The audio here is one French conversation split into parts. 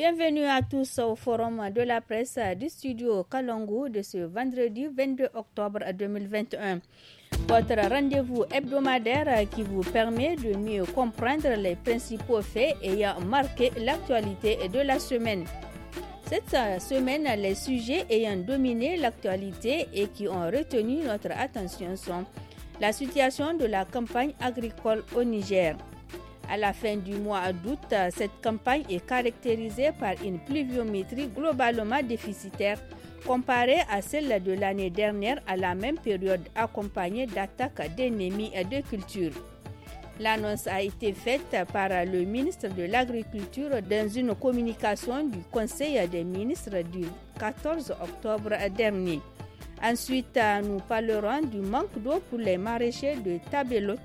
Bienvenue à tous au forum de la presse du studio Kalongo de ce vendredi 22 octobre 2021. Votre rendez-vous hebdomadaire qui vous permet de mieux comprendre les principaux faits ayant marqué l'actualité de la semaine. Cette semaine, les sujets ayant dominé l'actualité et qui ont retenu notre attention sont la situation de la campagne agricole au Niger, à la fin du mois d'août, cette campagne est caractérisée par une pluviométrie globalement déficitaire comparée à celle de l'année dernière à la même période accompagnée d'attaques d'ennemis et de cultures. L'annonce a été faite par le ministre de l'Agriculture dans une communication du Conseil des ministres du 14 octobre dernier. Ensuite, nous parlerons du manque d'eau pour les maraîchers de Tabelot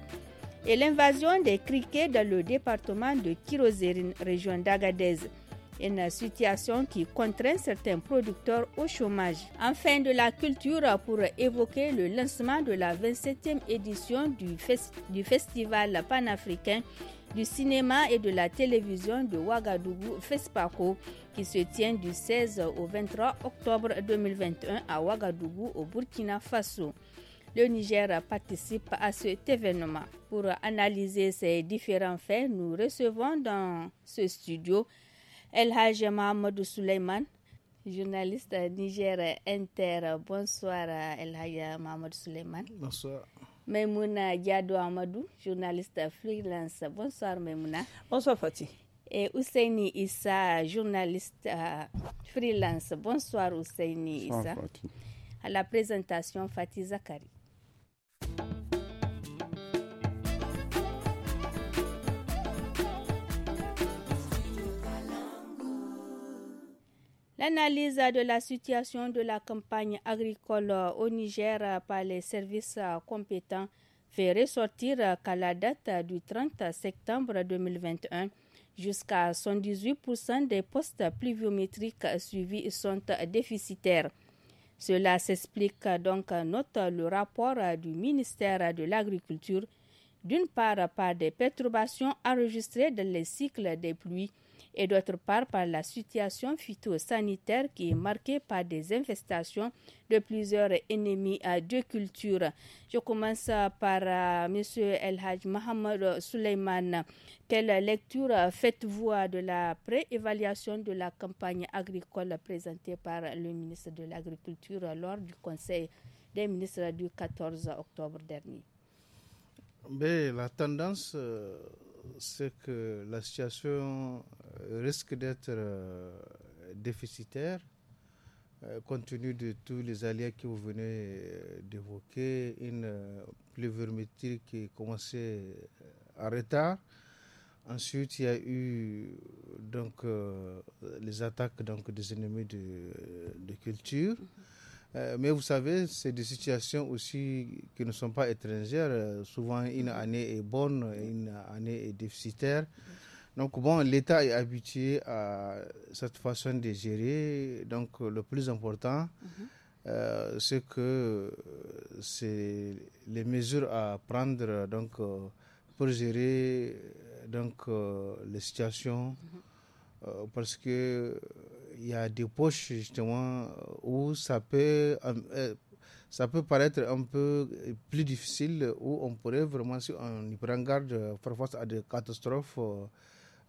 et l'invasion des criquets dans le département de Kirozérine, région d'Agadez. Une situation qui contraint certains producteurs au chômage. Enfin, de la culture pour évoquer le lancement de la 27e édition du, du Festival panafricain du cinéma et de la télévision de Ouagadougou FESPACO qui se tient du 16 au 23 octobre 2021 à Ouagadougou au Burkina Faso. Le Niger participe à cet événement pour analyser ces différents faits, nous recevons dans ce studio El Haj Mohamed Suleiman, journaliste Niger Inter. Bonsoir El Haj Mahmoud Suleiman. Bonsoir. Memouna Diado Amadou, journaliste freelance. Bonsoir Memouna. Bonsoir Fatih. Et Ousseini Issa, journaliste euh, freelance. Bonsoir Ousseini Issa. Bonsoir, à la présentation, Fatih Zakari. L'analyse de la situation de la campagne agricole euh, au Niger euh, par les services euh, compétents fait ressortir qu'à la date du 30 septembre 2021, jusqu'à 118% des postes pluviométriques suivis sont déficitaires. Cela s'explique donc, note le rapport du ministère de l'Agriculture, d'une part par des perturbations enregistrées dans les cycles des pluies et d'autre part par la situation phytosanitaire qui est marquée par des infestations de plusieurs ennemis à deux cultures. Je commence par euh, M. El Haj Mohamed Suleiman. Quelle lecture faites-vous de la préévaluation de la campagne agricole présentée par le ministre de l'Agriculture lors du Conseil des ministres du 14 octobre dernier? la tendance, euh, c'est que la situation euh, risque d'être euh, déficitaire compte tenu de tous les alliés que vous venez d'évoquer, une pluviométrie qui commençait à retard. Ensuite, il y a eu donc les attaques des ennemis de, de culture. Mm-hmm. Euh, mais vous savez, c'est des situations aussi qui ne sont pas étrangères. Euh, souvent, une mm. année est bonne, mm. une année est déficitaire. Donc, bon, l'État est habitué à cette façon de gérer. Donc, le plus important, mm-hmm. euh, c'est que c'est les mesures à prendre donc, pour gérer donc, les situations. Mm-hmm. Euh, parce que il euh, y a des poches justement euh, où ça peut ça peut paraître un peu plus difficile où on pourrait vraiment si on y prend garde faire face à des catastrophes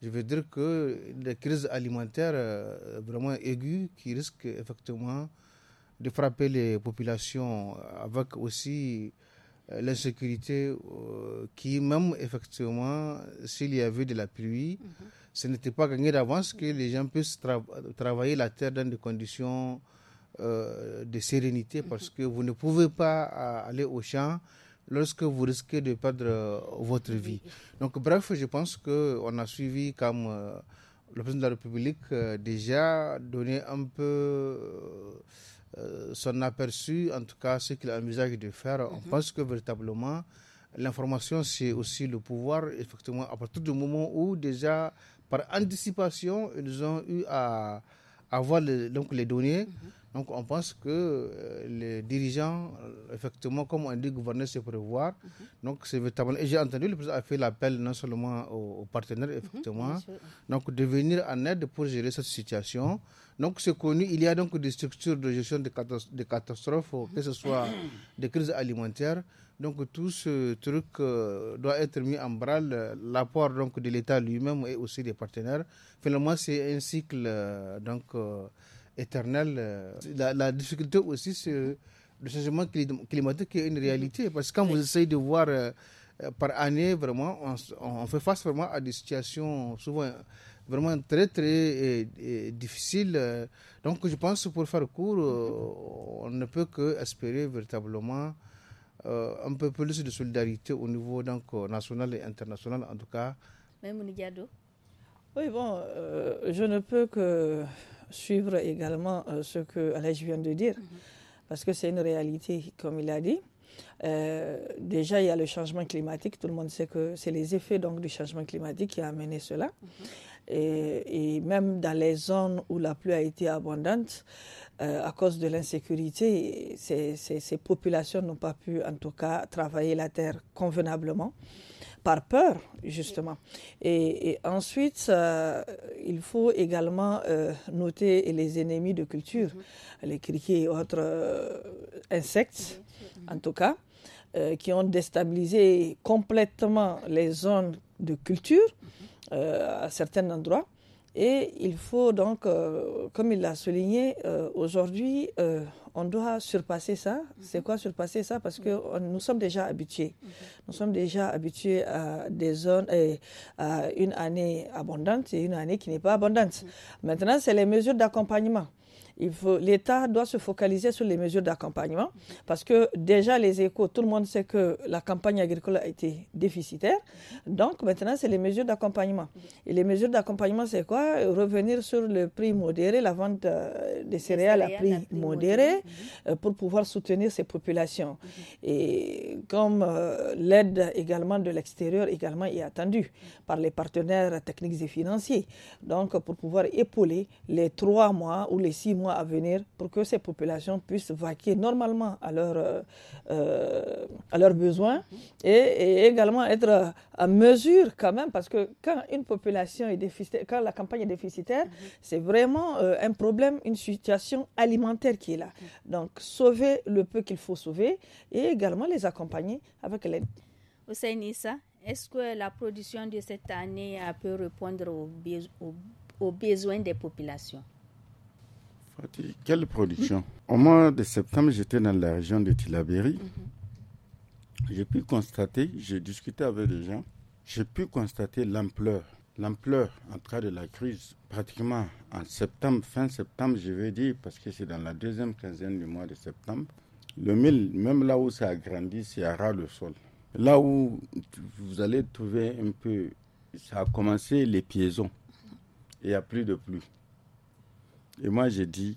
je veux dire que la crises alimentaire vraiment aiguë qui risque effectivement de frapper les populations avec aussi l'insécurité qui même effectivement s'il y avait de la pluie mhm ce n'était pas gagné d'avance que les gens puissent travailler la terre dans des conditions euh, de sérénité parce que vous ne pouvez pas euh, aller au champ lorsque vous risquez de perdre euh, votre vie. Donc bref, je pense qu'on a suivi comme le président de la République déjà donné un peu son aperçu, en tout cas ce qu'il envisage de faire. On mhm. pense que véritablement, l'information, c'est aussi le pouvoir, effectivement, à partir du moment où déjà par anticipation, ils ont eu à avoir les, donc les données. Mhm. Donc on pense que euh, les dirigeants, effectivement, comme on dit, gouverner, c'est prévoir. Mhm. Donc c'est véritablement. Et j'ai entendu, le président a fait l'appel non seulement aux, partenaires, mhm, effectivement, donc de venir en aide pour gérer cette situation. Donc c'est connu, il y a donc des structures de gestion des catastrophes, de catastrophes mhm. que ce soit des crises alimentaires. Donc tout ce truc euh, doit être mis en branle, euh, l'apport donc de l'État lui-même et aussi des partenaires. Finalement, c'est un cycle donc Éternel. Euh, la, difficulté aussi, c'est euh, le changement climatique qui est une réalité. Mhm. Parce que quand vous essayez de voir euh, par année, vraiment, on, fait face vraiment à des situations souvent vraiment très, très difficiles. Donc, je pense que pour faire court, mhm. on ne peut que espérer véritablement un peu plus de solidarité au niveau donc, national et international, en tout cas. Oui, bon, je ne peux que suivre également euh, ce que Alège vient de dire, mhm. parce que c'est une réalité, comme il a dit. Euh, déjà, il y a le changement climatique. Tout le monde sait que c'est les effets donc, du changement climatique qui a amené cela. Mhm. et, même dans les zones où la pluie a été abondante, euh, à cause de l'insécurité, ces, populations n'ont pas pu, en tout cas, travailler la terre convenablement par peur, justement. Et, ensuite, il faut également euh, noter les ennemis de culture, mhm. les criquets et autres euh, insectes, mhm. en tout cas, euh, qui ont déstabilisé complètement les zones de culture mhm. à certains endroits. Et il faut donc, comme il l'a souligné, aujourd'hui, on doit surpasser ça. C'est quoi surpasser ça Parce que nous sommes déjà habitués. Nous sommes déjà habitués à des zones, et euh, à une année abondante et une année qui n'est pas abondante. Maintenant, c'est les mesures d'accompagnement l'État doit se focaliser sur les mesures d'accompagnement parce que déjà les échos, tout le monde sait que la campagne agricole a été déficitaire. Donc maintenant, c'est les mesures d'accompagnement. Et les mesures d'accompagnement, c'est quoi Revenir sur le prix modéré, la vente euh, des céréales, à prix, modéré, euh, pour pouvoir soutenir ces populations. Et comme euh, l'aide également de l'extérieur également est attendue par les partenaires techniques et financiers. Donc pour pouvoir épauler les trois mois ou les six mois à venir pour que ces populations puissent vaquer normalement à, euh, à leurs besoins et, également être à mesure quand même, parce que quand une population est déficitaire, quand la campagne est déficitaire, c'est vraiment euh, un problème, une situation alimentaire qui est là. Donc sauver le peu qu'il faut sauver et également les accompagner avec l'aide. Hussein est-ce que la production de cette année euh, peut répondre aux besoins des populations quelle production Au mois de septembre, j'étais dans la région de Tilaberi. Mhm. J'ai pu constater, j'ai discuté avec des gens, j'ai pu constater l'ampleur l'ampleur en train de la crise, pratiquement en septembre, fin septembre, je vais dire, parce que c'est dans la deuxième quinzaine du mois de septembre, le mille, même là où ça a grandi, c'est à ras le sol. Là où vous allez trouver un peu, ça a commencé les piaisons. Il n'y a plus de pluie. Et moi, j'ai dit,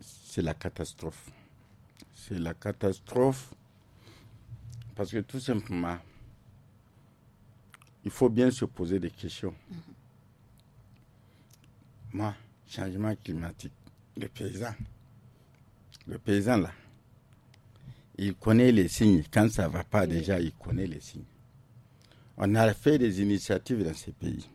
c'est la catastrophe. C'est la catastrophe parce que tout simplement, il faut bien se poser des questions. Mhm. Moi, changement climatique, le paysan, le paysan là, il connaît les signes. Quand ça ne va pas, déjà, il connaît les signes. On a fait des initiatives dans ces pays.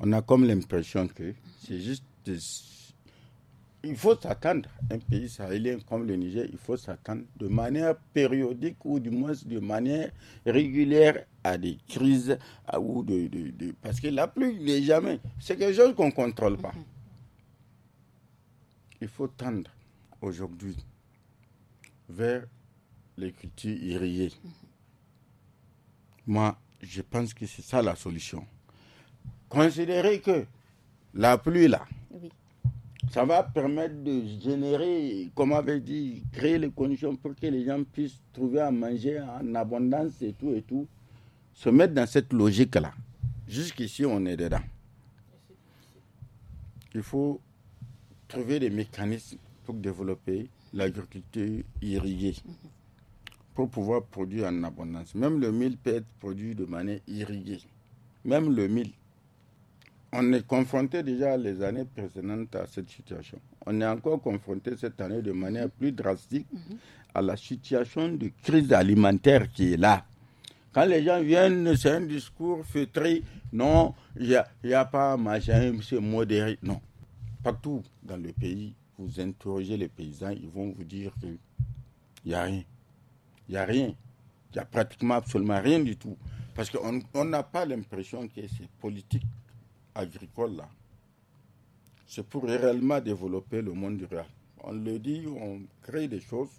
On a comme l'impression que c'est juste il faut s'attendre, un pays sahélien comme le Niger, il faut s'attendre de manière périodique ou du moins de manière régulière à des crises. ou parce que la pluie n'est jamais. C'est quelque chose qu'on ne contrôle pas. Mm-hmm. Il faut tendre aujourd'hui vers les cultures irriguées. Mm-hmm. Moi, je pense que c'est ça la solution. Considérez que la pluie, là, oui. Ça va permettre de générer, comme avait dit, créer les conditions pour que les gens puissent trouver à manger en abondance et tout et tout. Se mettre dans cette logique-là. Jusqu'ici, on est dedans. Il faut trouver des mécanismes pour développer l'agriculture irriguée, pour pouvoir produire en abondance. Même le mil peut être produit de manière irriguée. Même le mil on est confronté déjà les années précédentes à cette situation. On est encore confronté cette année de manière plus drastique mhm. à la situation de crise alimentaire qui est là. Quand les gens viennent, c'est un discours feutré. Non, il n'y a, pas machin, c'est modéré. Non. Partout dans le pays, vous interrogez les paysans, ils vont vous dire qu'il n'y a rien. Il n'y a rien. Il n'y a pratiquement absolument rien du tout. Parce qu'on n'a pas l'impression que c'est politique agricole là, c'est pour réellement développer le monde rural. On le dit, on crée des choses,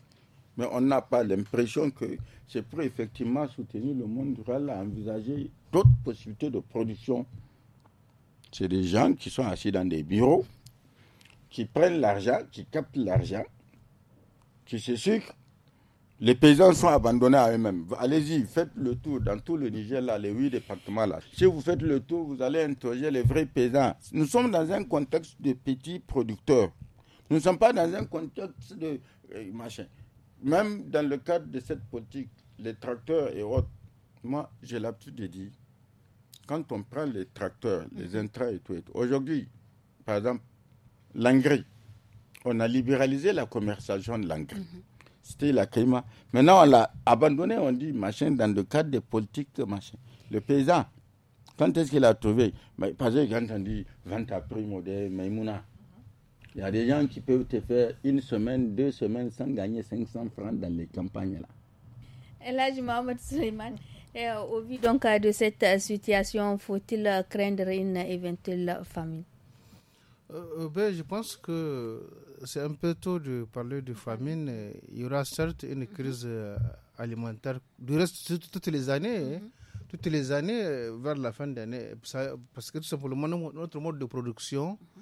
mais on n'a pas l'impression que c'est pour effectivement soutenir le monde rural à envisager d'autres possibilités de production. C'est des gens qui sont assis dans des bureaux, qui prennent l'argent, qui captent l'argent, qui se sucrent les paysans sont abandonnés à eux-mêmes. Allez-y, faites le tour dans tout le Niger, là, les huit départements. là. Si vous faites le tour, vous allez interroger les vrais paysans. Nous sommes dans un contexte de petits producteurs. Nous ne sommes pas dans un contexte de euh, machin. Même dans le cadre de cette politique, les tracteurs et autres, moi, j'ai l'habitude de dire, quand on prend les tracteurs, les mhm. intrants et tout, aujourd'hui, par exemple, l'engrais, on a libéralisé la commercialisation de l'engrais. Mhm. C'était la caïma. Maintenant, on l'a abandonné, on dit machin, dans le cadre des politiques, machin. Le paysan, quand est-ce qu'il a trouvé Parce que quand on dit vente à prix modèle, Maïmouna, il y a des gens qui peuvent te faire une semaine, deux semaines sans gagner 500 francs dans les campagnes là. Et là, je Mohamed Suleiman. au vu donc de cette euh, situation, faut-il euh, craindre une éventuelle famine euh, euh, ben, Je pense que c'est un peu tôt de parler de famine. Il y aura certes une mhm. crise euh, alimentaire. Du reste, toutes les années, hein. mhm. toutes les années, vers la fin d'année, parce que tout simplement, notre mode de production mhm.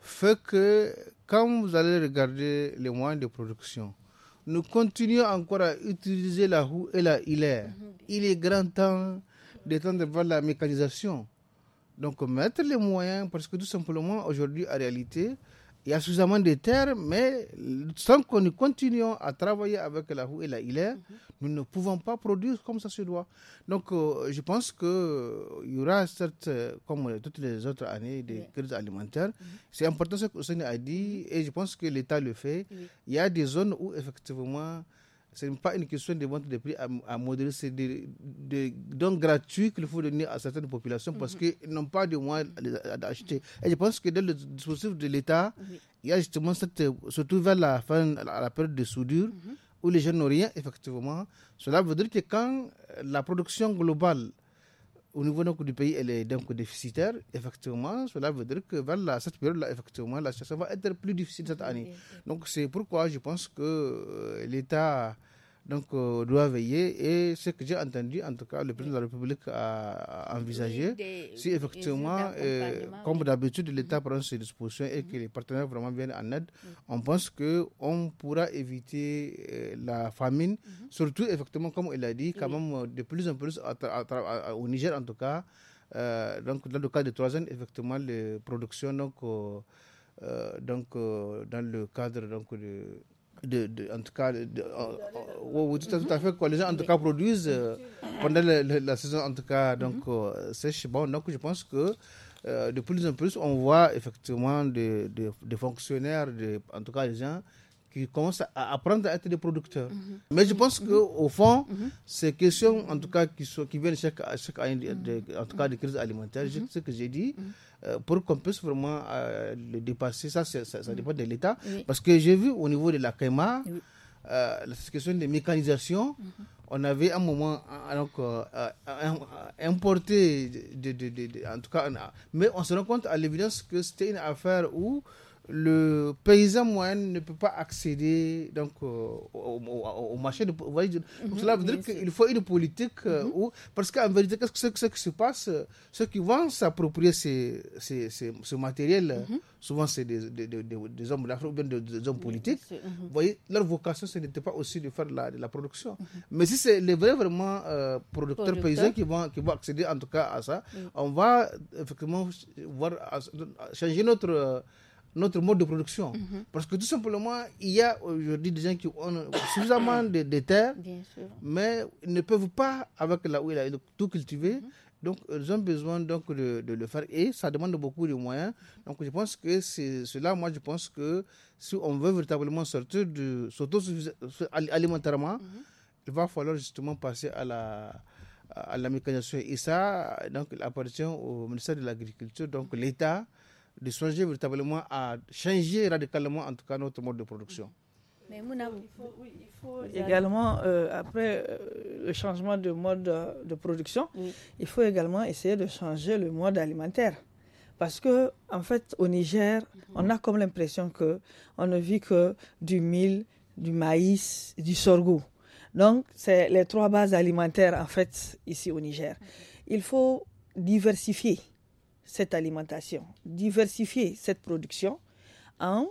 fait que quand vous allez regarder les moyens de production, nous continuons encore à utiliser la roue et la hilaire. Il est grand temps d'étendre vers la mécanisation. Donc mettre les moyens, parce que tout simplement, aujourd'hui, en réalité, il y a suffisamment de terres, mais sans que nous continuions à travailler avec la roue et la hilaire, mhm. nous ne pouvons pas produire comme ça se doit. Donc, euh, je pense qu'il euh, y aura, certes, euh, comme toutes les autres années, des crises alimentaires. Mhm. C'est important ce que Seigneur a dit, et je pense que l'État le fait. Il y a des zones où, effectivement, ce n'est pas une question de vente de prix à, modérer, c'est des, dons gratuits qu'il faut donner à certaines populations parce qu'elles mhm. qu'ils n'ont pas de moyens d'acheter. Et je pense que dans le dispositif de l'État, il y a justement cette, surtout vers la fin, à la période de soudure, mhm. où les gens n'ont rien, effectivement. Cela veut dire que quand la production globale au niveau du pays, elle est donc déficitaire. Effectivement, cela veut dire que vers cette période-là, effectivement, la situation va être plus difficile cette année. Donc, c'est pourquoi je pense que euh, l'État donc euh, on doit veiller. Et ce que j'ai entendu, en tout cas, le président de la République a, envisagé, si effectivement, euh, comme d'habitude, l'État mm. prend ses dispositions et que mm. les partenaires vraiment viennent en aide, mm. on pense qu'on pourra éviter euh, la famine, mm-hmm. surtout effectivement, comme il a dit, quand même de plus en plus au Niger en tout cas. donc, dans le cas de Troisième, effectivement, les productions, donc, donc dans le cadre donc, de, de, de, en tout cas, de, euh, euh, tout, à, tout, à, fait, quoi. les gens en tout cas produisent euh, pendant la, la, saison en tout cas donc c'est mm-hmm. sèche. Bon, donc je pense que euh, de plus en plus on voit effectivement des, des, fonctionnaires, de en tout cas des gens qui commencent à apprendre à être des producteurs. Mhm. Mais je pense que au fond, mhm. ces questions, en tout cas, qui, viennent chaque, mhm. de, en tout cas, de crise alimentaire, ce que j'ai dit, euh, pour qu'on puisse vraiment euh, le dépasser, ça, ça, dépend de l'État. Parce que j'ai vu au niveau de la CAIMA, euh, la question des mécanisations, on avait un moment alors, importé, en tout cas, mais on se rend compte à l'évidence que c'était une affaire où le paysan moyen ne peut pas accéder donc, euh, au, marché. De, mhm, cela veut dire qu'il faut une politique euh, mhm. où, parce qu'en vérité, qu'est-ce que ce qui se passe Ceux qui vont s'approprier ce matériel, mhm. souvent c'est des, des, des, hommes hommes politiques. voyez, leur vocation, ce n'était pas aussi de faire de la, production. Mais si c'est les vrais vraiment euh, producteurs paysans qui vont, qui vont accéder en tout cas à ça, on va effectivement voir, changer notre notre mode de production. Mhm. Parce que tout simplement, il y a aujourd'hui des gens qui ont suffisamment de, terres, mais ne peuvent pas, avec la où tout cultiver. Mhm. Donc, ils ont besoin donc, de, le faire et ça demande beaucoup de moyens. Donc, je pense que c'est cela. Moi, je pense que si on veut véritablement sortir de alimentairement, mhm. il va falloir justement passer à la, à la mécanisation. Et ça, donc, il appartient au ministère de l'Agriculture, donc l'État de songer véritablement à changer radicalement, en tout cas, notre mode de production. Mais il faut, également, euh, après euh, le changement de mode euh, de, production, il faut également essayer de changer le mode alimentaire. Parce que, en fait, au Niger, mhm. on a comme l'impression que on ne vit que du mil, du maïs, du sorgho. Donc, c'est les trois bases alimentaires, en fait, ici au Niger. Mhm. Il faut diversifier cette alimentation, diversifier cette production en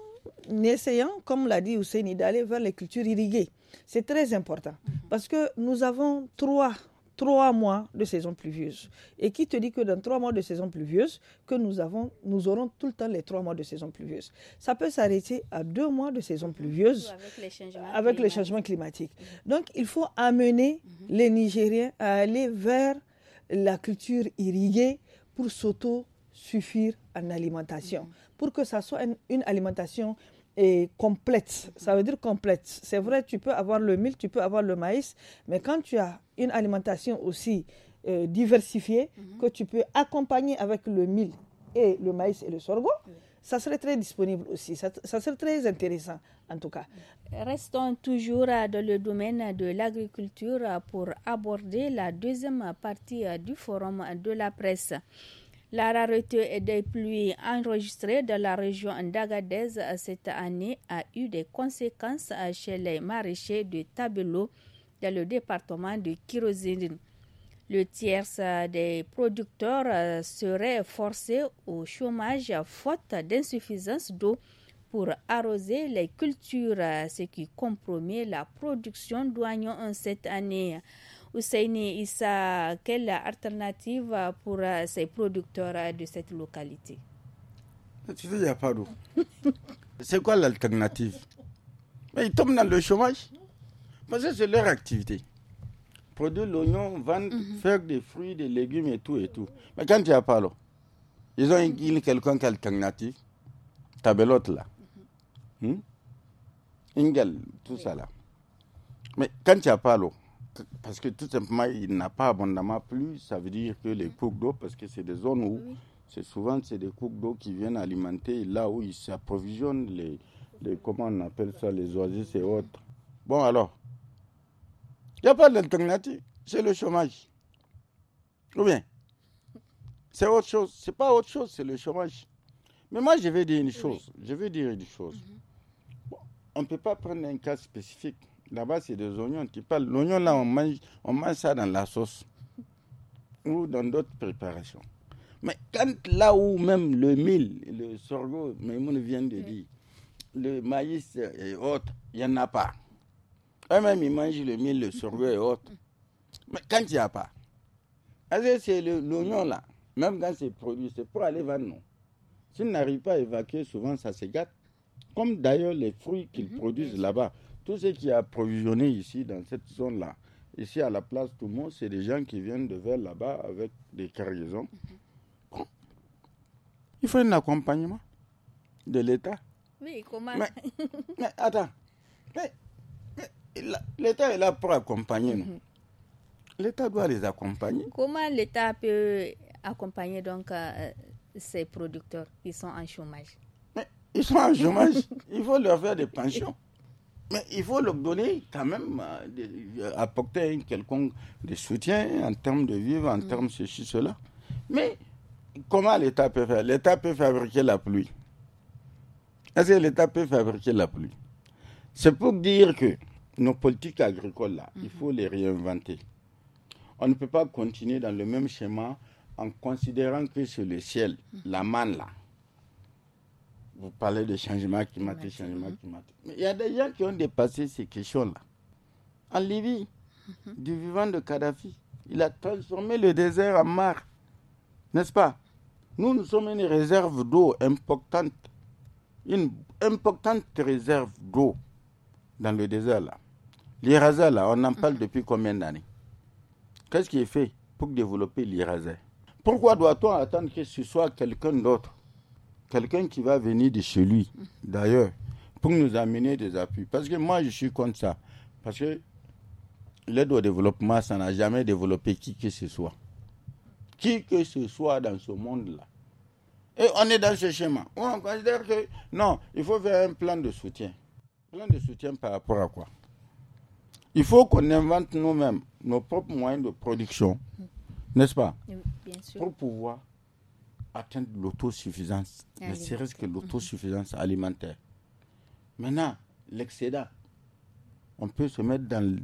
essayant, comme l'a dit Ousseini, d'aller vers les cultures irriguées. C'est très important mhm. parce que nous avons trois, trois mois de saison pluvieuse. Et qui te dit que dans trois mois de saison pluvieuse, que nous, avons, nous aurons tout le temps les trois mois de saison pluvieuse. Ça peut s'arrêter à deux mois de saison mhm. pluvieuse avec les changements, climatiques. Mhm. Donc il faut amener les Nigériens à aller vers la culture irriguée pour s'auto-suffire en alimentation, mm. pour que ça soit une, alimentation complète. Ça veut dire complète. C'est vrai, tu peux avoir le mil, tu peux avoir le maïs, mais quand tu as une alimentation aussi euh, diversifiée, mm-hmm. que tu peux accompagner avec le mil et le maïs et le sorgho, ça serait très disponible aussi. Ça, serait très intéressant, en tout cas. Restons toujours dans le domaine de l'agriculture pour aborder la deuxième partie du forum de la presse. La rareté des pluies enregistrées dans la région d'Agadez cette année a eu des conséquences chez les maraîchers de Tabelo dans le département de Kirozine. Le tiers euh, des producteurs euh, seraient forcés au chômage faute d'insuffisance d'eau pour arroser les cultures, euh, ce qui compromet la production d'oignons en cette année. Ousseini Issa, quelle alternative pour ces producteurs de cette localité Tu il n'y a pas d'eau. c'est quoi l'alternative Ils tombent dans le chômage c'est leur activité produire l'oignon, vendre, mhm. faire des fruits, des légumes et tout et tout. Mais quand tu a pas l'eau ils ont une, quelqu'un qui est tabelote là, mhm. hmm? ingel, tout ça là. Mais quand tu a pas l'eau, parce que tout simplement il n'a pas abondamment plus, ça veut dire que les mhm. coups d'eau, parce que c'est des zones où c'est souvent c'est des coups d'eau qui viennent alimenter là où ils s'approvisionnent les, les, comment on appelle ça, les oasis et autres. Bon alors, il n'y a pas d'alternative. C'est le chômage. Ou bien C'est autre chose. C'est pas autre chose, c'est le chômage. Mais moi, je vais dire une chose. Je vais dire une chose. Mhm. on ne peut pas prendre un cas spécifique. Là-bas, c'est des oignons. qui parlent. L'oignon, là, on mange, on mange ça dans la sauce ou dans d'autres préparations. Mais quand là où même le mil, le sorgho, mais vient de le maïs et autres, il n'y en a pas. Eux-mêmes, ils mangent le miel, le sorgho et autres. Mais quand il n'y a pas, c'est l'oignon là, même quand c'est produit, c'est pour aller vendre, non. S'ils n'arrivent pas à évacuer, souvent ça se gâte. Comme d'ailleurs les fruits qu'ils mhm. produisent là-bas. Tout ce qui est approvisionné ici, dans cette zone-là, ici à la place tout le monde c'est des gens qui viennent de vers là-bas avec des cargaisons. Il faut un accompagnement de l'État. Oui, comment mais, attends, l'État est là pour accompagner. L'État doit les accompagner. Comment l'État peut accompagner donc euh, ces producteurs qui sont en chômage Ils sont en chômage. il faut leur faire des pensions. Mais il faut leur donner quand même, euh, euh, apporter quelconque de soutien en termes de vivre, en mm. termes de ceci, cela. Mais comment l'État peut faire L'État peut fabriquer la pluie. est l'État peut fabriquer la pluie C'est pour dire que nos politiques agricoles, là, il mhm. faut les réinventer. On ne peut pas continuer dans le même schéma en considérant que c'est le ciel, mhm. la manne, là, vous parlez de changement climatique, changement mhm. climatique. Mais il y a des gens qui ont dépassé ces questions-là. En Libye, du vivant de Kadhafi, il a transformé le désert en mare. N'est-ce pas Nous, nous sommes une réserve d'eau importante. Une importante réserve d'eau dans le désert là. L'Iraser, là, on en mm. parle depuis combien d'années Qu'est-ce qui est fait pour développer l'Iraser Pourquoi doit-on attendre que ce soit quelqu'un d'autre Quelqu'un qui va venir de chez lui, mm. d'ailleurs, pour nous amener des appuis. Parce que moi, je suis contre ça. Parce que l'aide au développement, ça n'a jamais développé qui que ce soit. Qui que ce soit dans ce monde-là. Et on est dans ce schéma. on considère que non, il faut faire un plan de soutien. Plan de soutien par rapport à quoi il faut qu'on invente nous-mêmes nos propres moyens de production, mm. n'est-ce pas Pour pouvoir atteindre l'autosuffisance, mais c'est ce que l'autosuffisance mm-hmm. alimentaire. Maintenant, l'excédent, on peut se mettre dans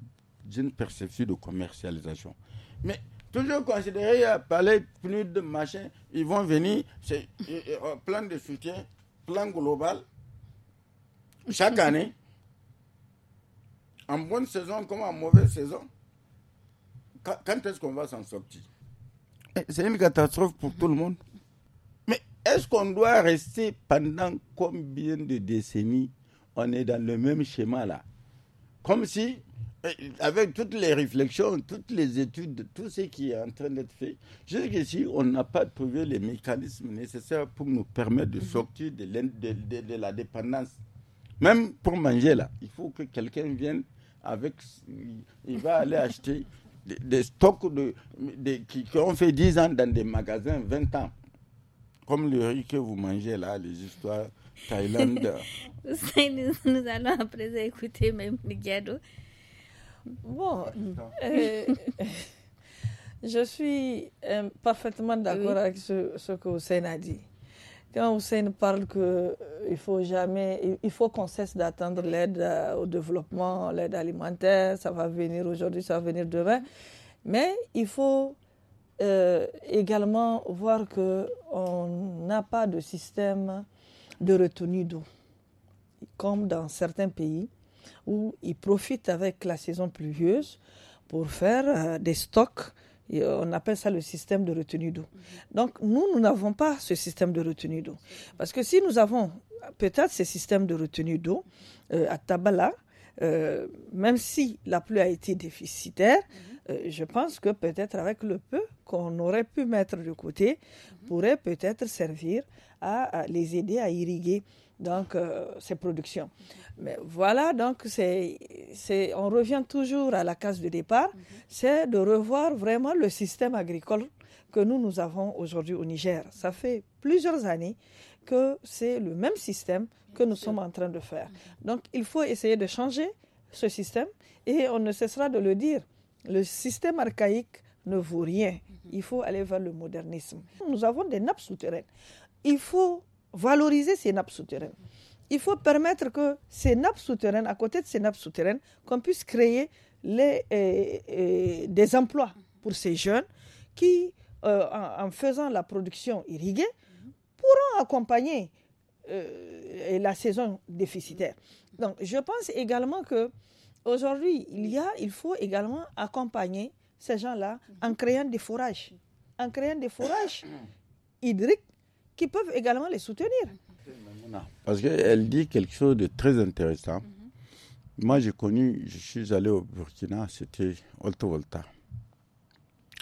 une perception de commercialisation. Mais toujours considérer, parler plus de machin, ils vont venir, c'est euh, euh, euh, plan de soutien, plan global. Chaque année, en bonne saison comme en mauvaise saison. Quand est-ce qu'on va s'en sortir eh, C'est une catastrophe pour tout le monde. Mais est-ce qu'on doit rester pendant combien de décennies on est dans le même schéma là Comme si, eh, avec toutes les réflexions, toutes les études, tout ce qui est en train d'être fait, jusqu'ici, on n'a pas trouvé les mécanismes nécessaires pour nous permettre de sortir de la dépendance. Même pour manger là, il faut que quelqu'un vienne avec, il va aller acheter des, stocks de, qui, ont fait 10 ans dans des magasins, 20 ans. Comme le riz que vous mangez là, les histoires thaïlandaises. nous, allons après écouter même Nigado. Bon, euh, je suis euh, parfaitement d'accord avec ce, ce que Hussein a dit. Quand Hussein parle qu'il euh, faut jamais, il faut qu'on cesse d'attendre l'aide euh, au développement, l'aide alimentaire, ça va venir aujourd'hui, ça va venir demain, mais il faut euh, également voir qu'on n'a pas de système de retenue d'eau, comme dans certains pays où ils profitent avec la saison pluvieuse pour faire des stocks euh, on appelle ça le système de retenue d'eau. Donc nous, nous n'avons pas ce système de retenue d'eau. Parce que si nous avons peut-être ce système de retenue d'eau euh, à Tabala, euh, même si la pluie a été déficitaire, je pense que peut-être avec le peu qu'on aurait pu mettre de côté, mhm. pourrait peut-être servir à, les aider à irriguer donc euh, ces productions. Mais voilà, donc c'est, c'est, on revient toujours à la case de départ, mhm. c'est de revoir vraiment le système agricole que nous, nous avons aujourd'hui au Niger. Ça fait plusieurs années que c'est le même système que nous sommes en train de faire. Mhm. Donc il faut essayer de changer ce système et on ne cessera de le dire. Le système archaïque ne vaut rien. Mhm. Il faut aller vers le modernisme. Nous avons des nappes souterraines. Il faut valoriser ces nappes souterraines. Il faut permettre que ces nappes souterraines, à côté de ces nappes souterraines, qu'on puisse créer les, euh, euh, des emplois pour ces jeunes qui, euh, en, faisant la production irriguée, pourront accompagner la saison déficitaire. Donc, je pense également que aujourd'hui, il y a, il faut également accompagner ces gens-là en créant des forages, en créant des forages hydriques qui peuvent également les soutenir. Parce qu'elle dit quelque chose de très intéressant. Mhm. Moi, j'ai connu, je suis allé au Burkina, c'était Alto Volta,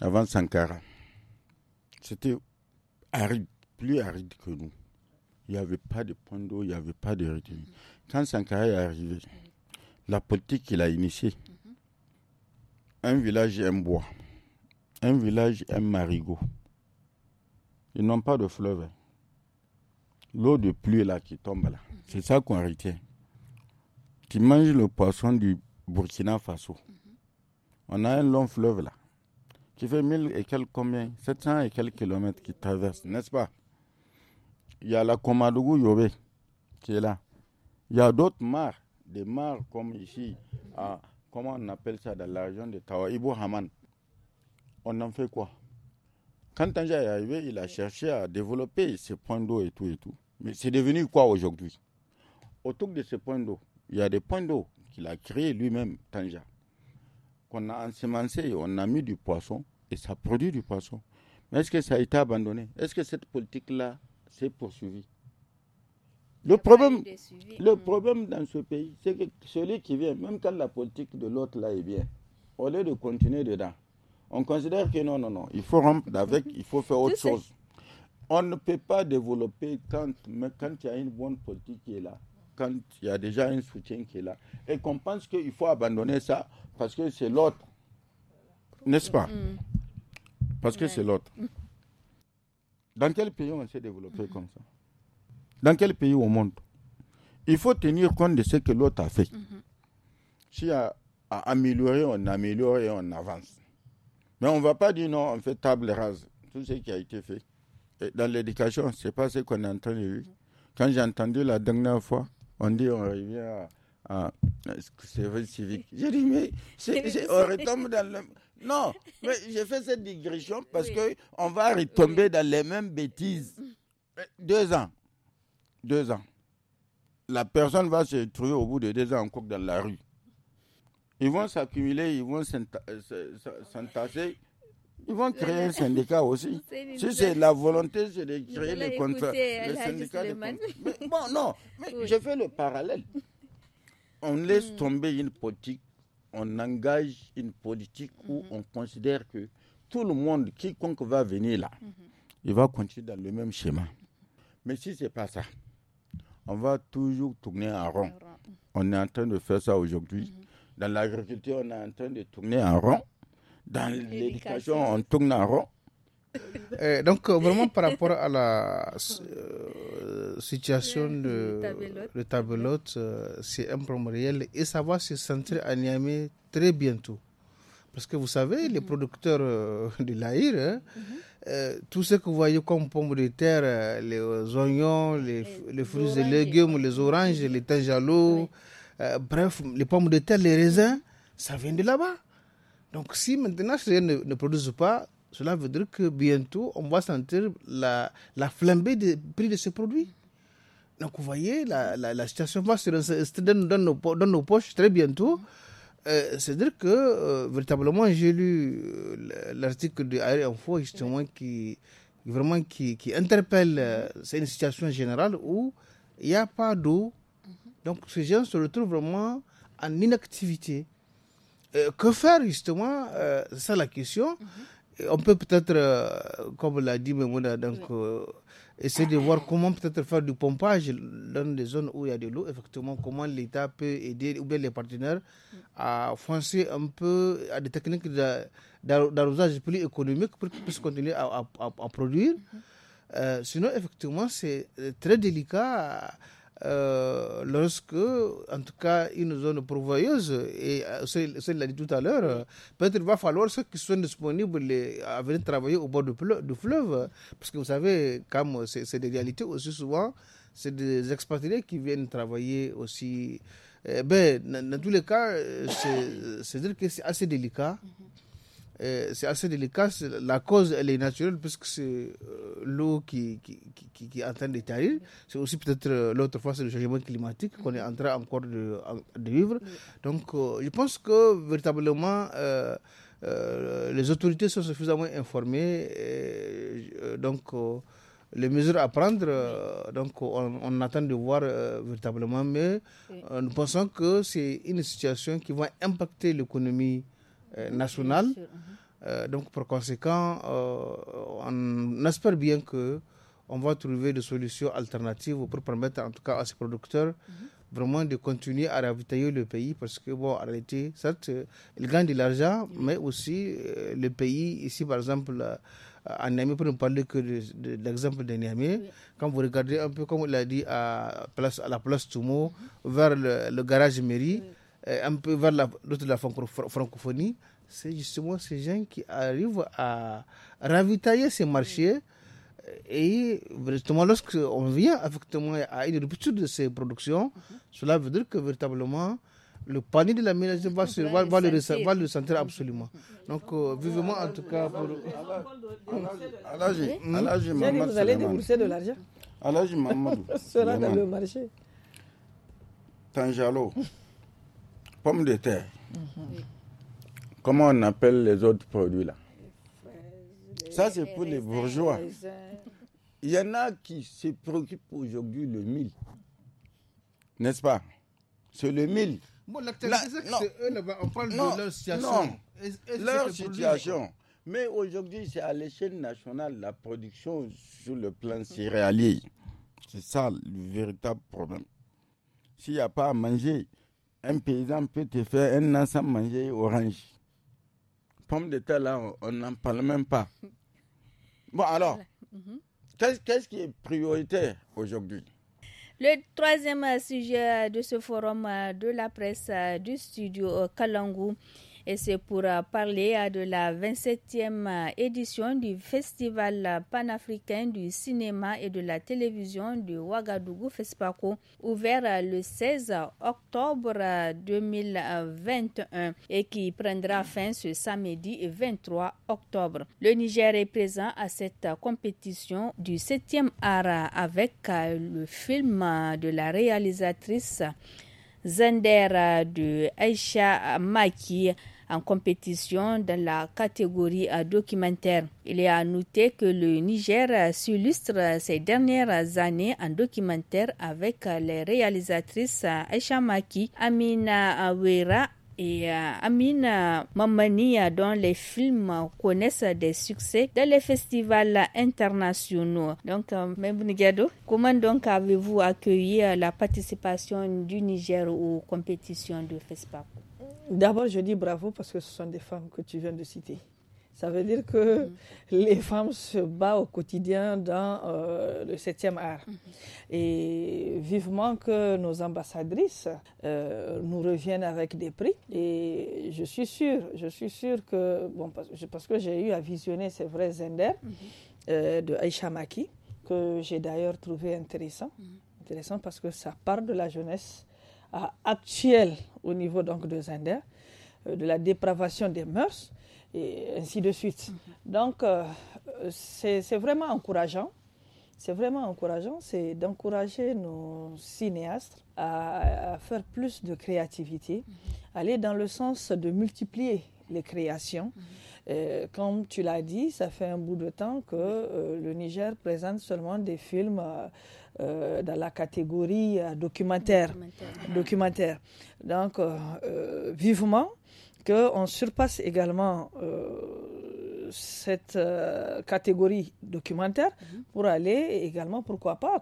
avant Sankara. C'était aride, plus aride que nous. Il n'y avait pas de point d'eau, il n'y avait pas de retenue. Mhm. Quand Sankara est arrivé, mhm. la politique qu'il a initiée, un village, un bois, un village, un marigot. Ils n'ont pas de fleuve l'eau de pluie là qui tombe là, c'est ça qu'on retient. Qui mange le poisson du Burkina Faso. On a un long fleuve là, qui fait mille et quelques combien, 700 et quelques kilomètres qui traverse, n'est-ce pas Il y a la Komadougou Yobé qui est là. Il y a d'autres mares, des mares comme ici, à, comment on appelle ça dans la région de Tawaïbo Haman. On en fait quoi Quand Tanja est arrivé, il a cherché à développer ses points d'eau et tout et tout. Mais c'est devenu quoi aujourd'hui Autour de ce point d'eau, il y a des points d'eau qu'il a créés lui-même, Tanja, qu'on a ensemencé, on a mis du poisson et ça produit du poisson. Mais est-ce que ça a été abandonné Est-ce que cette politique-là s'est poursuivie le problème, le mm. problème dans ce pays, c'est que celui qui vient, même quand la politique de l'autre là est bien, au lieu de continuer dedans, on considère que non, non, non, il faut rompre avec, il faut faire autre chose. On ne peut pas développer quand, mais quand il y a une bonne politique qui est là, quand il y a déjà un soutien qui est là, et qu'on pense qu'il faut abandonner ça parce que c'est l'autre. N'est-ce pas mm. Parce que c'est l'autre. Dans quel pays on s'est développé comme ça Dans quel pays au monde Il faut tenir compte de ce que l'autre a fait. Mm-hmm. Si à, à améliorer, on améliore et on avance. Mais on ne va pas dire non, on fait table rase. Tout ce qui a été fait dans l'éducation, c'est pas ce qu'on a entendu. Quand j'ai entendu la dernière fois, on dit on revient à, à service civique. J'ai dit, mais on retombe dans le. Non, mais j'ai fait cette digression parce que qu'on va retomber dans les mêmes bêtises. Deux ans. Deux ans. La personne va se trouver au bout de deux ans encore dans la rue. Ils vont s'accumuler, ils vont euh, s'entasser ils vont créer un syndicat aussi. Si c'est la volonté, c'est de créer les contrats. Le syndicat Bon, non, mais je fais le parallèle. On mm. laisse tomber une politique, on engage une politique où mm-hmm. on considère que tout le monde, quiconque va venir là, mm-hmm. il va continuer dans le même schéma. Mais si ce n'est pas ça, on va toujours tourner en rond. On est en train de faire ça aujourd'hui. Mm-hmm. Dans l'agriculture, on est en train de tourner en rond dans l'éducation, on en rond. donc, euh, vraiment, par rapport à la euh, situation de, de euh, c'est un problème réel et ça va se centrer à Niamey très bientôt. Parce que vous savez, les mhm. producteurs de l'Aïr, hein, mhm. tout ce que vous voyez comme pommes de terre, les oignons, les, fruits et légumes, les oranges, les tangelots, bref, les pommes de terre, les raisins, ça vient de là-bas. Donc si maintenant ces ne, ne produisent pas, cela veut dire que bientôt, on va sentir la, la flambée des prix de ces produits. Donc vous voyez, la, la, situation va se dans, dans, nos, poches très bientôt. Euh, C'est-à-dire que, euh, véritablement, j'ai lu euh, l'article de Air Info, justement, qui, vraiment qui, qui interpelle. C'est une situation générale où il n'y a pas d'eau. Mhm. Donc ces gens se retrouvent vraiment en inactivité. Euh, que faire justement C'est euh, C'est la question. Mhm. On peut peut-être, euh, comme l'a dit Memouna, donc essayer de voir comment peut-être faire du pompage dans des zones où il y a de l'eau. Effectivement, comment l'État peut aider ou bien les partenaires mhm. à foncer un peu à des techniques d'arrosage plus économiques pour qu'ils puissent continuer à, produire. Mhm. sinon, effectivement, c'est très délicat euh, lorsque, en tout cas, une zone pourvoyeuse, et euh, c'est là dit tout à l'heure, peut-être va falloir ceux qui sont disponibles les, à venir travailler au bord du, fleuve, parce que vous savez, comme c'est des réalités aussi souvent, c'est des expatriés qui viennent travailler aussi. Eh ben, dans, tous les cas, euh, c'est dire que c'est assez délicat. Mm-hmm. Euh, c'est assez délicat. La cause, elle est naturelle puisque c'est euh, l'eau qui, qui, qui, est en train de C'est aussi peut-être euh, l'autre fois, c'est le changement climatique qu'on est en train encore de, de vivre. Donc, je pense que véritablement, les autorités sont suffisamment informées. donc, les mesures à prendre, donc on, attend de voir véritablement, mais nous pensons que c'est une situation qui va impacter l'économie euh, nationale. Uh-huh. Euh, donc, par conséquent, euh, on espère bien que on va trouver des solutions alternatives pour permettre, en tout cas, à ces producteurs uh-huh. vraiment de continuer à ravitailler le pays parce que, bon, en réalité, certes, ils gagnent de l'argent, mais aussi le pays, ici par exemple, en à pour ne parler que de, l'exemple de Niamey, quand vous regardez un peu, comme il a dit, à, la place Toumo, vers le, garage mairie, euh, un peu vers la, de la francophonie, c'est justement ces gens qui arrivent à ravitailler ces marchés. Euh, et justement, lorsqu'on vient effectivement à une rupture de ces productions, mhm. cela veut dire que véritablement, le panier de la ménagerie va, va, le, va le sentir absolument. Mhm. Donc, euh, vivement en tout cas pour. Hein? Vous allez débourser de l'argent Cela dans le marché. Tanjalo pommes de terre. Comment on appelle les autres produits là Ça, c'est pour les bourgeois. Il y en a qui se préoccupent aujourd'hui le mille. N'est-ce pas C'est le mille. On parle de Non, leur situation. Mais aujourd'hui, c'est à l'échelle nationale la production sur le plan céréalier. C'est ça le véritable problème. S'il n'y a pas à manger, un paysan peut te faire un ensemble manger orange. Pomme de terre, là, on n'en parle même pas. Bon, alors, qu'est-ce qui est prioritaire aujourd'hui le troisième sujet de ce forum euh, de la presse euh, du studio euh, Kalangu et c'est pour euh, parler euh, de la 27e euh, édition du Festival panafricain du cinéma et de la télévision du Ouagadougou Fespaco, ouvert le 16 octobre 2021 et qui prendra fin ce samedi 23 octobre. Le Niger est présent à cette compétition du 7e art avec le film de la réalisatrice Zender de Aisha Maki en compétition dans la catégorie documentaire. Il est à noter que le Niger s'illustre ces dernières années en documentaire avec les réalisatrices Aisha Maki, Amina Awera et euh, Amina Mamani dont les films connaissent des succès dans les festivals internationaux. Donc, euh, comment donc avez-vous accueilli la participation du Niger aux compétitions de FESPAP D'abord, je dis bravo parce que ce sont des femmes que tu viens de citer. Ça veut dire que mm-hmm. les femmes se battent au quotidien dans euh, le 7 art. Mm-hmm. Et vivement que nos ambassadrices euh, nous reviennent avec des prix. Et je suis sûre, je suis sûre que, bon, parce que j'ai eu à visionner ces vrais Zender mm-hmm. euh, de Aïcha Maki, que j'ai d'ailleurs trouvé intéressant. Intéressant parce que ça part de la jeunesse actuelle au niveau donc de Zinder, euh, de la dépravation des mœurs et ainsi de suite. Donc euh, c'est vraiment encourageant. C'est vraiment encourageant, c'est d'encourager nos cinéastes à, à, faire plus de créativité, mhm. aller dans le sens de multiplier les créations. Mhm. Euh, comme tu l'as dit, ça fait un bout de temps que euh, le Niger présente seulement des films euh, dans la catégorie documentaire. Documentaire. Donc, vivement qu'on surpasse également cette catégorie documentaire mhm. pour aller également, pourquoi pas, à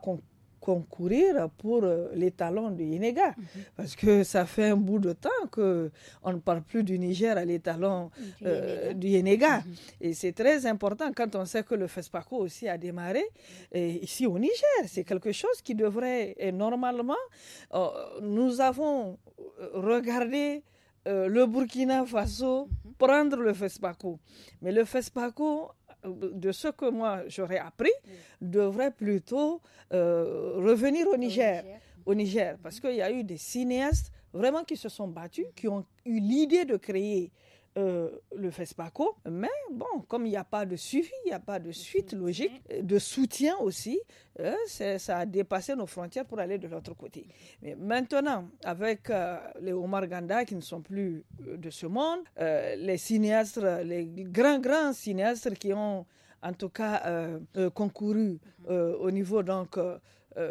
concourir pour euh, les talents du Yénéga. Mhm. Parce que ça fait un bout de temps qu'on ne parle plus du Niger à l'étalon du, euh, mhm. Et c'est très important quand on sait que le FESPACO aussi a démarré et ici au Niger. C'est quelque chose qui devrait, et normalement, euh, nous avons euh, regardé le Burkina Faso mhm. prendre le FESPACO. Mais le FESPACO de ce que moi j'aurais appris, devrait plutôt euh, revenir au Niger, au Niger, parce qu'il y a eu des cinéastes vraiment qui se sont battus, qui ont eu l'idée de créer euh, le FESPACO. Mais bon, comme il n'y a pas de suivi, il n'y a pas de suite mhm. logique, mhm. de soutien aussi, euh, ça a dépassé nos frontières pour aller de l'autre côté. Mais maintenant, avec euh, les Omar Ganda qui ne sont plus de ce monde, les cinéastes, les grands, grands cinéastes qui ont en tout cas concouru mhm. au niveau donc...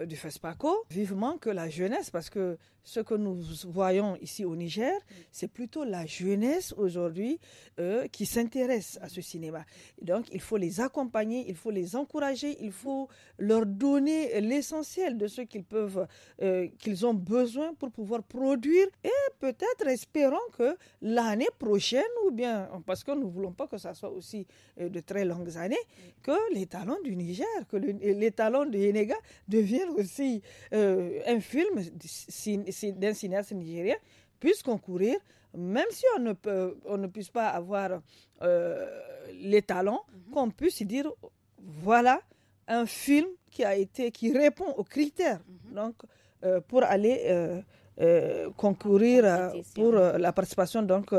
du FESPACO, vivement que la jeunesse, parce que ce que nous voyons ici au Niger, c'est plutôt la jeunesse aujourd'hui euh, qui s'intéresse à ce cinéma. Donc il faut les accompagner, il faut les encourager, il faut leur donner l'essentiel de ce qu'ils peuvent, euh, qu'ils ont besoin pour pouvoir produire. Et peut-être espérons que l'année prochaine, ou bien parce que nous ne voulons pas que ça soit aussi euh, de très longues années, que les talents du Niger, que les talents de Yénéga deviennent aussi un film d'un cinéaste nigérien puisse concourir, même si on ne, peut, on ne puisse pas avoir euh, les talents, mhm. qu'on puisse dire voilà un film qui a été qui répond aux critères mhm. donc euh, pour aller euh, concourir pour la participation donc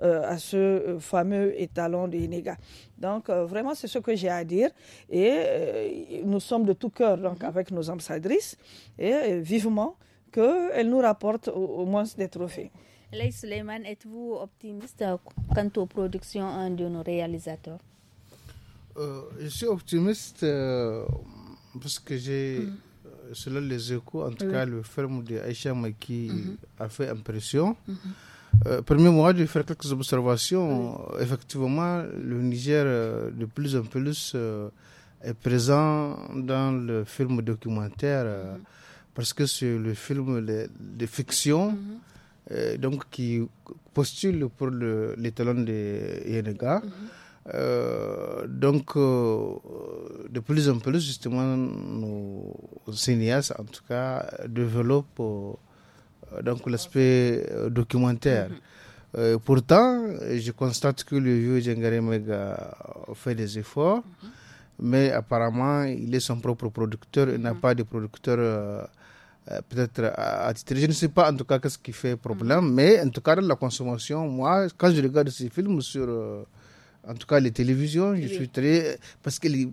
à ce fameux étalon du Niga. Donc vraiment c'est ce que j'ai à dire et nous sommes de tout cœur donc mhm. avec nos ambassadrices et vivement qu'elle nous rapporte au, moins des trophées. Leïs Suleiman, êtes-vous optimiste quant aux productions hein, de nos réalisateurs euh, Je suis optimiste euh, parce que j'ai, cela mm. euh, selon les échos, en tout cas, le film de Aïcha Maki mm-hmm. a fait impression. Mm euh, moi de faire quelques observations. Effectivement, le Niger, de plus en plus, est présent dans le film documentaire mm-hmm parce que c'est le film de, fiction mhm. euh, donc qui postule pour le, les talents des donc, euh, de plus en plus, justement, nos cinéastes, en tout cas, développent euh, l'aspect documentaire. Mhm. pourtant, je constate que le vieux Djangare Mega fait des efforts, mhm. mais apparemment, il est son propre producteur, il n'a pas de producteur euh, peut-être à, titre. Je ne sais pas en tout cas qu'est-ce qui fait problème, mm-hmm. mais en tout cas, la consommation, moi, quand je regarde ces films sur, euh, en tout cas, les télévisions, je suis très. Parce qu'ils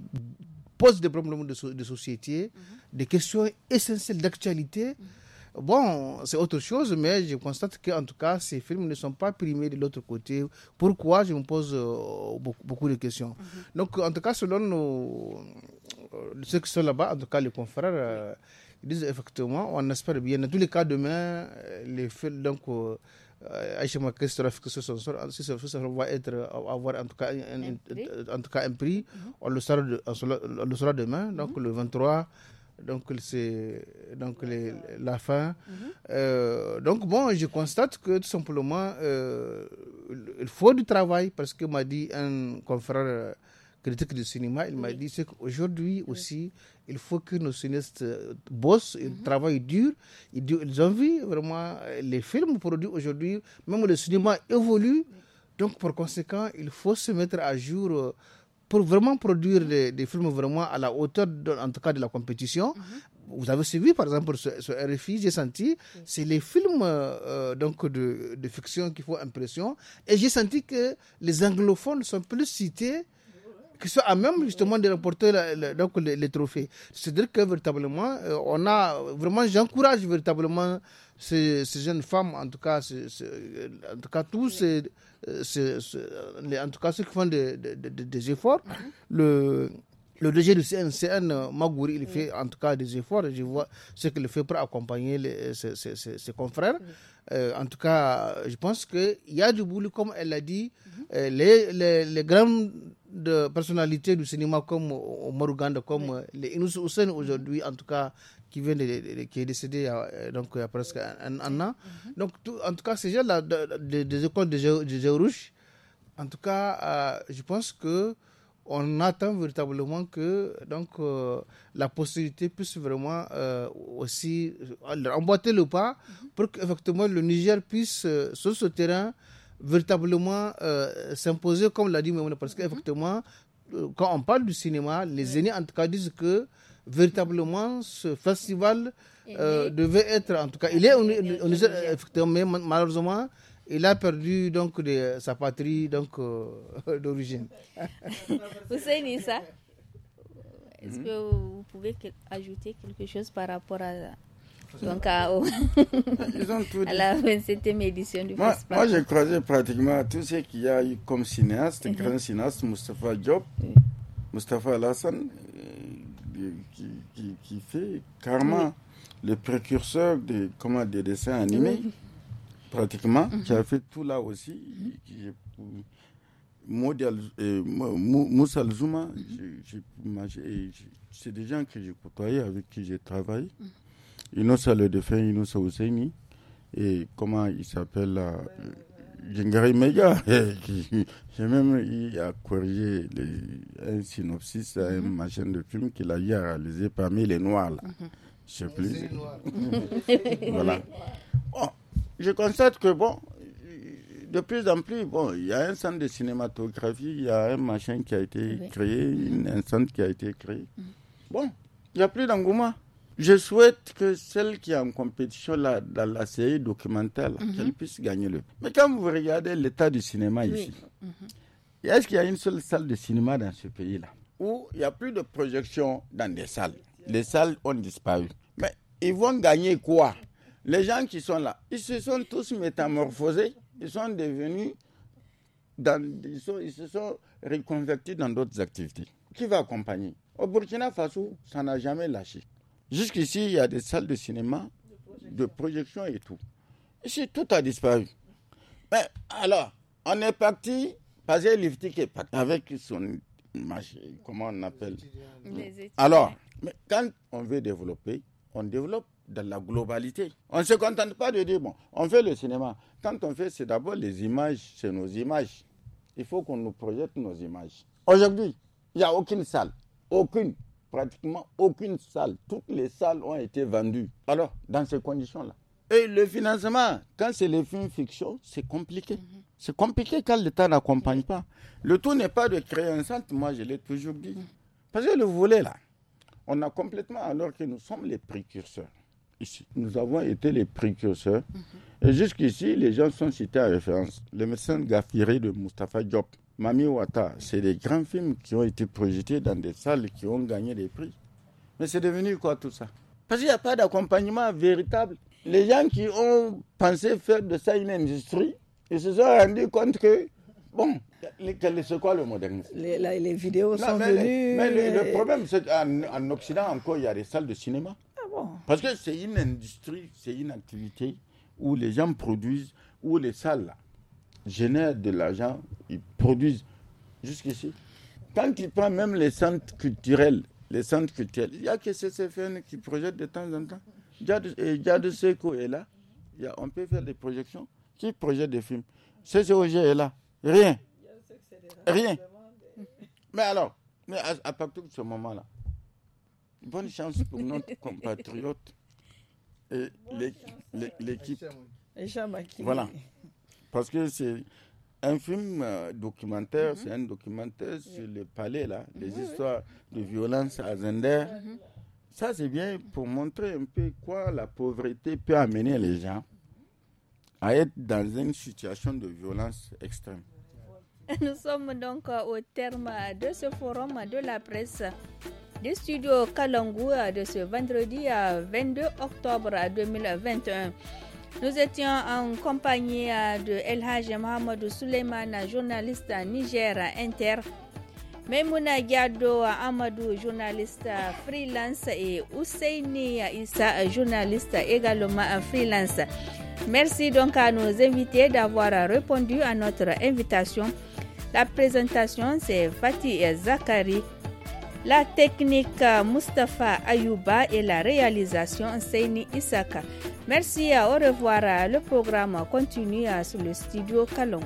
posent des problèmes de, de société, mm-hmm. des questions essentielles d'actualité. Mm-hmm. Bon, c'est autre chose, mais je constate qu'en tout cas, ces films ne sont pas primés de l'autre côté. Pourquoi Je me pose euh, beaucoup, de questions. Donc, en tout cas, selon nous ceux qui sont là-bas, en tout cas, les confrères. Ils disent effectivement, on espère bien. Dans tous les cas, demain, euh, les faits, donc, HMA euh, que ce ça va être, euh, avoir en tout cas un, en tout cas un prix, mhm. on, le saura le sera demain, donc mhm. le 23 donc c'est donc les, la fin. Mhm. donc bon, je constate que tout simplement, euh, il faut du travail parce que m'a dit un confrère critique du cinéma, il m'a dit qu'aujourd'hui aussi, il faut que nos cinéastes euh, bossent, ils mhm. travaillent dur, ils, ont vu vraiment euh, les films produits aujourd'hui, même le cinéma évolue. Donc, par conséquent, il faut se mettre à jour euh, pour vraiment produire mhm. des, films vraiment à la hauteur, en tout cas, de la compétition. Mhm. vous avez suivi par exemple ce, RFI, j'ai senti, c'est les films donc de, de, fiction qui font impression. Et j'ai senti que les anglophones sont plus cités qui soit à même justement de remporter donc les, trophées. C'est-à-dire que véritablement, euh, on a vraiment, j'encourage véritablement ces, jeunes femmes, en tout cas, euh, en tout cas tous euh, en tout cas ceux qui font des, efforts. Le le DG du CNCN, Magouri, il fait en tout cas des efforts. Je vois ce qu'il fait pour accompagner ses, confrères. en tout cas, je pense qu'il y a du boulot, comme elle l'a dit. Mm-hmm. les, les, les, de personnalités du cinéma comme au comme euh, les Inus Hussein aujourd'hui, en tout cas, qui, vient de, qui est décédé euh, il y a, donc, il presque un, an. Mhm. Donc, en tout cas, ces gens-là, des écoles de, de, en tout cas, euh, je pense que on attend véritablement que donc, la possibilité puisse vraiment aussi emboîter le pas mhm. pour qu'effectivement le Niger puisse, sur ce terrain, véritablement euh, s'imposer, comme l'a dit Mouna, parce qu'effectivement, euh, quand on parle du cinéma, les aînés en tout cas disent que véritablement ce festival euh, devait être, en tout cas, il est, effectivement, mais malheureusement, il a perdu donc de, sa patrie donc d'origine. Vous savez ça Est-ce que vous pouvez ajouter quelque chose par rapport à donc, à, au... à la 27e édition du moi, Moi, j'ai croisé pratiquement tout ce qu'il y a eu comme cinéaste, mhm. grand cinéaste, Mustapha Diop, Mustafa Alassane, euh, qui, fait carrément le précurseur comment, des dessins animés, pratiquement, mhm. qui a fait tout là aussi. Euh, Moussa mhm. c'est des gens que j'ai côtoyés, avec qui j'ai travaillé. Inosa le défunt Inosa Ousseini et comment il s'appelle Jingari Mega, j'ai même eu à corriger un synopsis à un mhm. machin de film qu'il a eu parmi les noirs. je mhm. Je sais plus. voilà. je constate que, bon, de plus en plus, bon, il y a un centre de cinématographie, il y a un machin qui a été créé, un centre qui a été créé. Mhm. Bon, il n'y a plus d'engouement. Je souhaite que celle qui est en compétition là, dans la série documentaire, mhm. puisse gagner le. Mais quand vous regardez l'état du cinéma ici, mhm. est-ce qu'il y a une seule salle de cinéma dans ce pays-là où il n'y a plus de projection dans des salles Les salles ont disparu. Mais ils vont gagner quoi Les gens qui sont là, ils se sont tous métamorphosés, ils sont devenus, dans, ils, ils se sont reconvertis dans d'autres activités. Qui va accompagner Au Burkina Faso, ça n'a jamais lâché. Jusqu'ici, il y a des salles de cinéma, de projection et tout. Ici, tout a disparu. Mais alors, on est parti, passer avec son, comment on appelle Alors, quand on veut développer, on développe dans la globalité. On ne se contente pas de dire, bon, on fait le cinéma. Quand on fait, c'est d'abord les images, c'est nos images. Il faut qu'on nous projette nos images. Aujourd'hui, il n'y a aucune salle, aucune, pratiquement aucune salle. Toutes les salles ont été vendues. Alors, dans ces conditions-là. Et le financement, quand c'est les films fiction, c'est compliqué. Mhm. C'est compliqué quand l'État n'accompagne pas. Le tout n'est pas de créer un centre, moi je l'ai toujours dit. Mhm. Parce que le volet là, on a complètement, alors que nous sommes les précurseurs. Ici, nous avons été les précurseurs. Mhm. Et jusqu'ici, les gens sont cités à référence. Le médecin Gafiré de Mustapha Diop, Mami Wata, c'est des grands films qui ont été projetés dans des salles qui ont gagné des prix. Mais c'est devenu quoi tout ça Parce qu'il n'y a pas d'accompagnement véritable. Les gens qui ont pensé faire de ça une industrie, ils se sont rendus compte que, bon, c'est quoi le modernisme les, vidéos sont mais venues. mais le, problème, c'est qu'en Occident encore, il y a des salles de cinéma. Ah Parce que c'est une industrie, c'est une activité où les gens produisent, où les salles, génèrent de l'argent, ils produisent jusqu'ici. Quand ils prennent même les centres culturels, les centres culturels, il n'y a que CCFN qui projette de temps en temps. de euh, seco est là, il y a, on peut faire des projections. Qui projette des films CCOG est là, rien. Rien. Mais alors, mais à, partir de ce moment-là, bonne chance pour notre compatriote et l'équipe. Voilà. Parce que c'est un film euh, documentaire, mhm. c'est un documentaire sur le palais, là, les histoires de violence à Zender. Mhm. Ça, c'est bien pour montrer un peu quoi la pauvreté peut amener les gens à être dans une situation de violence extrême. Nous sommes donc euh, au terme de ce forum de la presse des studio Kalangou de ce vendredi 22 euh, octobre 2021. Nous étions en compagnie euh, de El Haj Mohamed journaliste à Niger Inter, Memouna Gado Amadou, journaliste freelance, et Ousseini Issa, journaliste également freelance. Merci donc à nos invités d'avoir répondu à notre invitation. La présentation, c'est Fatih Zakari. La technique euh, Mustafa Ayuba et la réalisation Seini Isaka. Merci, euh, au revoir. Euh, le programme continue sur le studio Calon.